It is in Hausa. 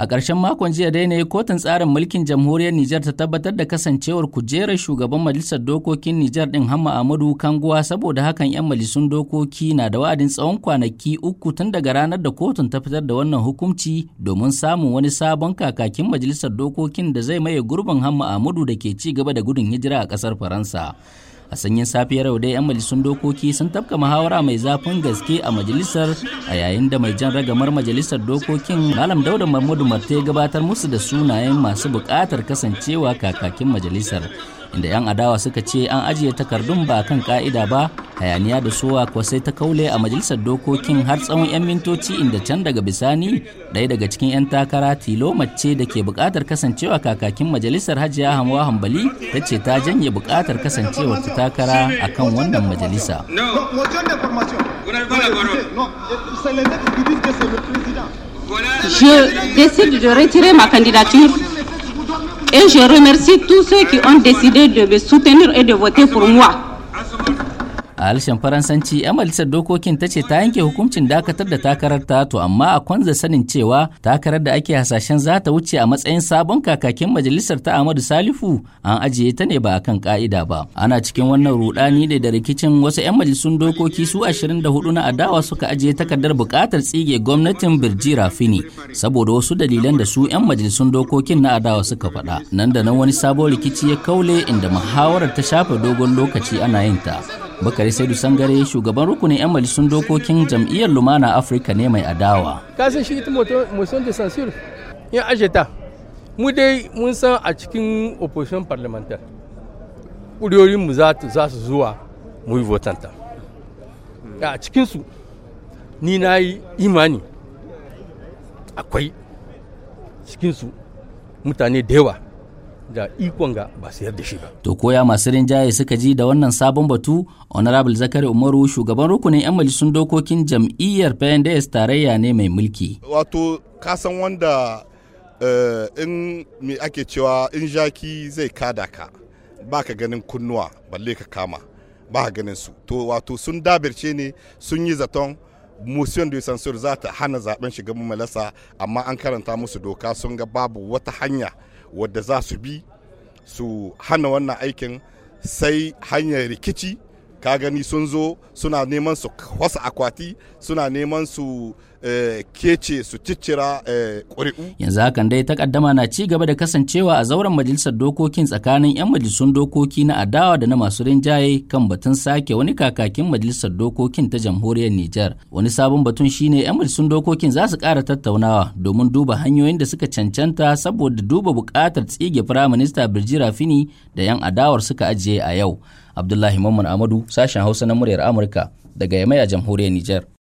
A ƙarshen makon jiya dai ne kotun tsarin mulkin jamhuriyar Nijar ta tabbatar da kasancewar kujerar shugaban majalisar dokokin Nijar ɗin Hamma Ahmadu Kanguwa saboda hakan 'yan majalisun dokoki na da wa'adin tsawon kwanaki uku tun daga ranar da kotun ta fitar da wannan hukunci domin samun wani sabon kakakin majalisar dokokin da zai maye gurbin Hamma Ahmadu da ke ci gaba da gudun hijira a ƙasar Faransa. a sanyin safiyar yau dai 'yan majalisun dokoki sun tafka muhawara mai zafin gaske a majalisar a yayin da mai jan ragamar majalisar dokokin malam dauda mahmudu ya gabatar musu da sunayen masu buƙatar kasancewa kakakin majalisar inda 'yan adawa suka ce an ajiye takardun ba kan ka'ida ba hayaniya da suwa kuwa sai ta kaule a majalisar dokokin har tsawon 'yan mintoci inda can daga bisani ɗaya daga cikin 'yan takara tilo mace da ke buƙatar kasancewa kakakin majalisar hajiya hamwa hambali ta ce ta janye buƙatar kasancewar ta takara a kan wannan majalisa Je décide de retirer ma candidature et je remercie tous ceux qui ont décidé de me soutenir et de voter pour moi. a harshen faransanci yan majalisar dokokin ta ce ta yanke hukuncin dakatar da takarar ta to amma a kwanza sanin cewa takarar da ake hasashen za ta wuce a matsayin sabon kakakin majalisar ta amadu salifu an ajiye ta ne ba a kan ka'ida ba ana cikin wannan rudani ne da rikicin wasu yan majalisun dokoki su 24 na adawa suka ajiye takardar bukatar tsige gwamnatin birji rafini saboda wasu dalilan da su yan majalisun dokokin na adawa suka faɗa nan da nan wani sabon rikici ya kaule inda muhawarar ta shafe dogon lokaci ana yin ta Bakari Saidu Sangare shugaban rukunin 'yan majalisun dokokin jam'iyyar Lumana Afirka ne mai adawa. Kasan shi ita motion de censure yan ajeta mu dai mun san a cikin opposition parliamentar mu za su zuwa mu yi votanta. A cikinsu ni na yi imani akwai cikinsu mutane da yawa da ikon ga ba sayar da shi ba. To koya masu rinjaye suka ji da wannan sabon batu, Honorable Zakari Umaru shugaban rukunin 'yan majalisun dokokin jam'iyyar PNDS tarayya ne mai mulki. Wato kasan wanda eh, in me ake cewa in jaki zai kada ka ba ka ganin kunnuwa balle ka kama ba ka ganin su. To wato sun dabirce ne sun yi zaton motion de censure za ta hana zaben shiga malasa amma an karanta musu doka sun ga babu wata hanya wadda za su bi su hana wannan aikin sai hanyar rikici ka gani sun zo suna neman su wasu akwati suna neman su eh, kece su ciccira eh, ƙuri'u. yanzu hakan dai takaddama na ci gaba da kasancewa a zauren majalisar dokokin tsakanin 'yan majalisun dokoki na adawa da na masu rinjaye kan batun sake wani kakakin majalisar dokokin ta jamhuriyar niger wani sabon batun shine 'yan majalisun dokokin za su ƙara tattaunawa domin duba hanyoyin da suka cancanta saboda duba bukatar tsige firaminista birji rafini da 'yan adawar suka ajiye a yau Abdullahi Mamman Amadu sashen Hausa na muryar Amurka daga Yamaya jamhuriyar Nijar.